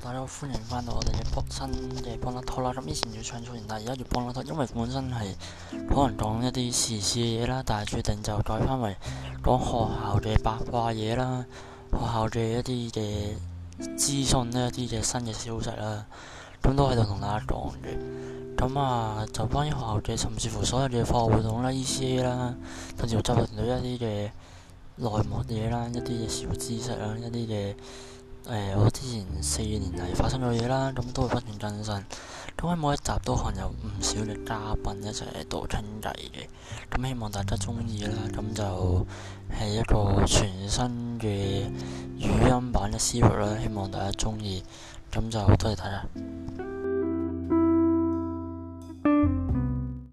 大家歡迎翻到我哋嘅播新嘅 Bona Talk 啦！咁以前要唱出言，但係而家要 Bona Talk，因為本身係可能講一啲時事嘅嘢啦，但係決定就改翻為講學校嘅八卦嘢啦，學校嘅一啲嘅資訊呢，一啲嘅新嘅消息啦，咁都喺度同大家講嘅。咁啊，就關於學校嘅，甚至乎所有嘅課外活動啦、E.C.A. 啦，甚至乎集訓隊一啲嘅內幕嘢啦，一啲嘅小知識啦，一啲嘅。誒、欸，我之前四年嚟發生咗嘢啦，咁都會不斷更新。咁喺每一集都含有唔少嘅嘉賓一齊喺度傾偈嘅。咁希望大家中意啦，咁就係一個全新嘅語音版嘅師傅啦。希望大家中意，咁就多謝大家。